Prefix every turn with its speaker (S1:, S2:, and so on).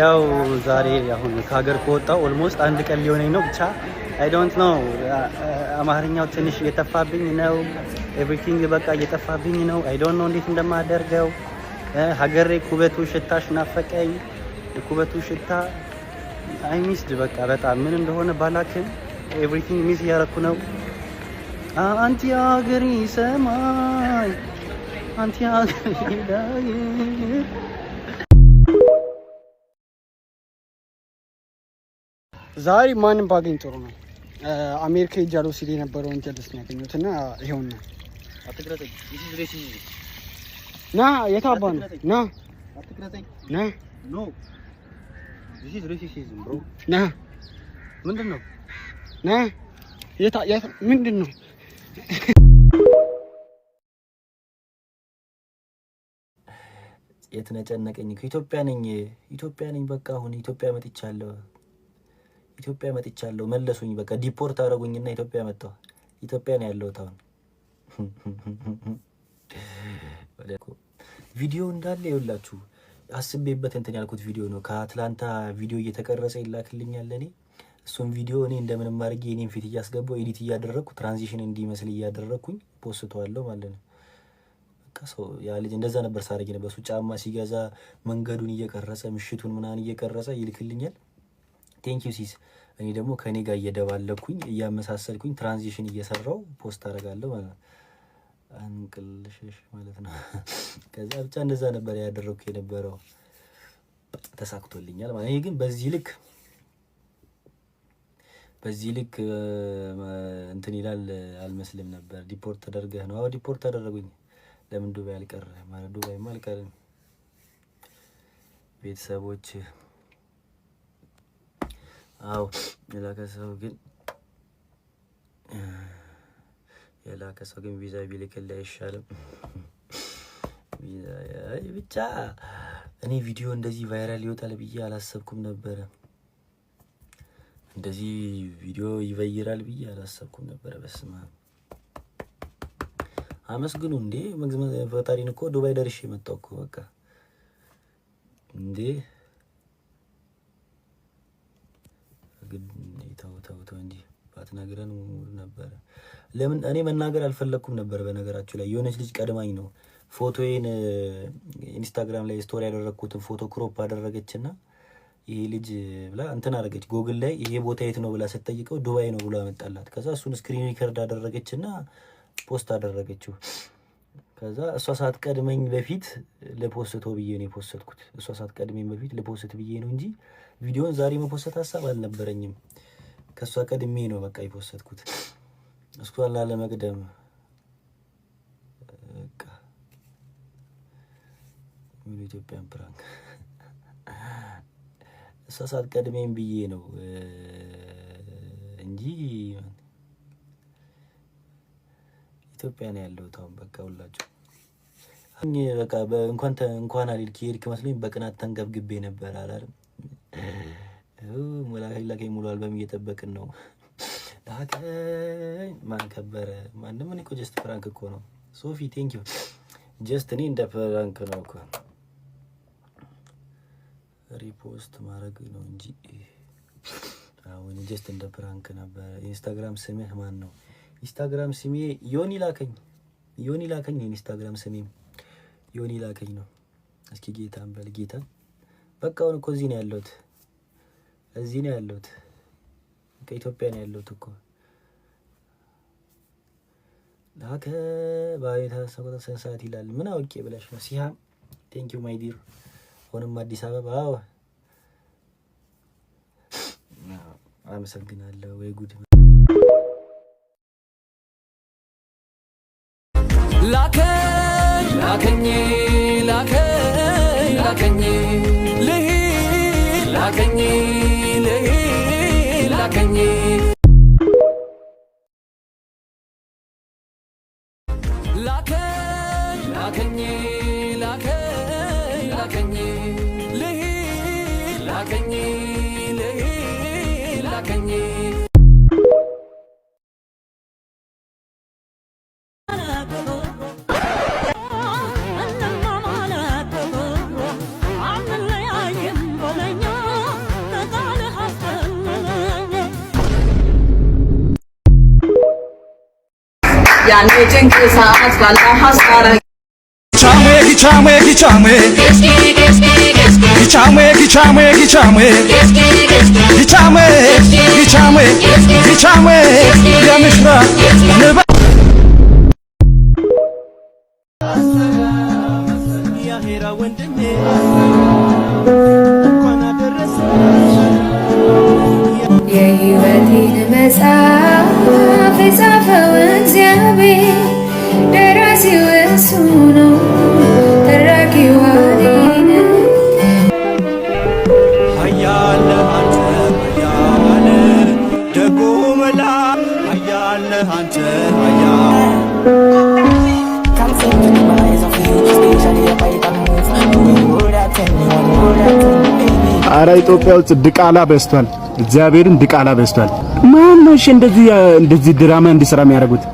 S1: ያው ዛሬ አሁን ከሀገር ከወጣው ኦልሞስት አንድ ቀን ሊሆነኝ ነው። ብቻ አይ ዶንት ኖ አማርኛው ትንሽ እየጠፋብኝ ነው። ኤቭሪቲንግ በቃ እየጠፋብኝ ነው። አይ ዶንት ኖ እንዴት እንደማደርገው። ሀገሬ ኩበቱ ሽታሽ ናፈቀኝ። ኩበቱ ሽታ አይ ሚስድ በቃ በጣም ምን እንደሆነ ባላክም ኤቭሪቲንግ ሚስ እያረኩ ነው። አንቲ ሀገሪ ሰማይ አንቲ ሀገሪ ዛሬ ማንም ባገኝ ጥሩ ነው። አሜሪካ ሄጃለሁ ሲል የነበረውን ጀልስ ነው ያገኘሁት እና ይኸውና ና የታባ ነው ና ና
S2: ና ምንድን ነው
S1: ና ምንድን ነው የተነጨነቀኝ ከኢትዮጵያ ነኝ ኢትዮጵያ ነኝ በቃ አሁን ኢትዮጵያ መጥቻለሁ ኢትዮጵያ መጥቻለሁ፣ መለሱኝ። በቃ ዲፖርት አረጉኝና ኢትዮጵያ መጣሁ። ኢትዮጵያ ነው ያለሁት አሁን። ቪዲዮ እንዳለ ይኸውላችሁ፣ አስቤበት እንትን ያልኩት ቪዲዮ ነው። ከአትላንታ ቪዲዮ እየተቀረጸ ይላክልኛል እኔ እሱም ቪዲዮ እኔ እንደምንም አድርጌ እኔን ፊት እያስገባው ኤዲት እያደረግኩ ትራንዚሽን እንዲመስል እያደረግኩኝ ፖስተዋለሁ ማለት ነው። ሰው ያ ልጅ እንደዛ ነበር ሳረግ ነበር። እሱ ጫማ ሲገዛ መንገዱን እየቀረጸ ምሽቱን ምናን እየቀረጸ ይልክልኛል። ቴንኪዩ ሲስ። እኔ ደግሞ ከእኔ ጋር እየደባለኩኝ እያመሳሰልኩኝ ትራንዚሽን እየሰራው ፖስት አደርጋለሁ ማለት ነው። አንቅልሽሽ ማለት ነው። ከዛ ብቻ እንደዛ ነበር ያደረግኩ የነበረው ተሳክቶልኛል ማለት። ይሄ ግን በዚህ ልክ በዚህ ልክ እንትን ይላል አልመስልም ነበር። ዲፖርት ተደርገህ ነው? አዎ ዲፖርት ተደረጉኝ። ለምን ዱባይ አልቀረ ማለት ዱባይማ አልቀርም ቤተሰቦች አዎ የላከ ሰው ግን የላከ ሰው ግን ቪዛ ቢልክልህ አይሻልም? ብቻ እኔ ቪዲዮ እንደዚህ ቫይራል ይወጣል ብዬ አላሰብኩም ነበረ። እንደዚህ ቪዲዮ ይበይራል ብዬ አላሰብኩም ነበረ። በስመ አብ አመስግኑ እንዴ! ፈጣሪን እኮ ዱባይ ደርሼ መጣሁ እኮ በቃ እንዴ ተው ተው ተው እንጂ ባትነግረን ነበረ። ለምን እኔ መናገር አልፈለግኩም ነበር። በነገራችሁ ላይ የሆነች ልጅ ቀድማኝ ነው ፎቶዬን ኢንስታግራም ላይ ስቶሪ ያደረግኩትን ፎቶ ክሮፕ አደረገችና ይሄ ልጅ ብላ እንትን አደረገች። ጎግል ላይ ይሄ ቦታ የት ነው ብላ ስትጠይቀው ዱባይ ነው ብሎ አመጣላት። ከዛ እሱን ስክሪን ሪከርድ አደረገችና ፖስት አደረገችው። ከዛ እሷ ሳትቀድመኝ በፊት ልፖስተው ብዬ ነው የፖስተትኩት። እሷ ሳትቀድመኝ በፊት ልፖስት ብዬ ነው እንጂ ቪዲዮን ዛሬ መፖሰት ሀሳብ አልነበረኝም። ከእሷ ቀድሜ ነው በቃ የፖስተትኩት የፖሰትኩት። እስኳላ ለመቅደም ኢትዮጵያን ፕራንክ እሷ ሳትቀድመኝ ብዬ ነው እንጂ ኢትዮጵያ ነው ያለሁት አሁን በቃ ሁላችሁ በቃ እንኳን እንኳን አልሄድክ የሄድክ መስሎኝ በቅናት ተንገብግቤ ነበር አላለም። ሞላላከ ሙሉ አልበም እየጠበቅን ነው። ላከኝ ማን ከበረ ማንም። እኔ እኮ ጀስት ፍራንክ እኮ ነው ሶፊ ቴንክ ዩ ጀስት እኔ እንደ ፍራንክ ነው እኮ ሪፖስት ማድረግ ነው እንጂ አሁን ጀስት እንደ ፍራንክ ነበረ። ኢንስታግራም ስምህ ማን ነው? ኢንስታግራም ስሜ ዮኒ ላከኝ ዮኒ ላከኝ ኢንስታግራም ስሜም የሆነ ላከኝ ነው። እስኪ ጌታን በል ጌታን። በቃ አሁን እኮ እዚህ ነው ያለሁት፣ እዚህ ነው ያለሁት፣ ከኢትዮጵያ ነው ያለሁት እኮ ላከ በቤታ ሰቆጣ ሰዓት ይላል? ምን አውቄ ብለሽ ነው ሲሃ። ቴንክ ዩ ማይ ዲር። አሁንም አዲስ አበባ አዎ፣ አመሰግናለሁ። ወይ ጉድ ላከ ላከኝ ላከኝ ላከኝ ልሂድ ላከኝ ልሂድ ላከኝ ላከኝ ልሂድ ላከኝ ያኔ ጭንቅ ሰዓት ባላ ሀሳረ ኪቻሜ ኪቻሜ ኪቻሜ ኪቻሜ ኪቻሜ ኪቻሜ ኪቻሜ ኪቻሜ ኪቻሜ የምሽራ ንባ የህይወቴን መጽሐፍ የጻፈው እግዚአብሔር ደራሲው እሱ ነው። አረ ኢትዮጵያ ውስጥ ድቃላ በዝቷል። እግዚአብሔርን ድቃላ በዝቷል። ማን ነው እንደዚህ ድራማ እንዲሰራ የሚያደርጉት?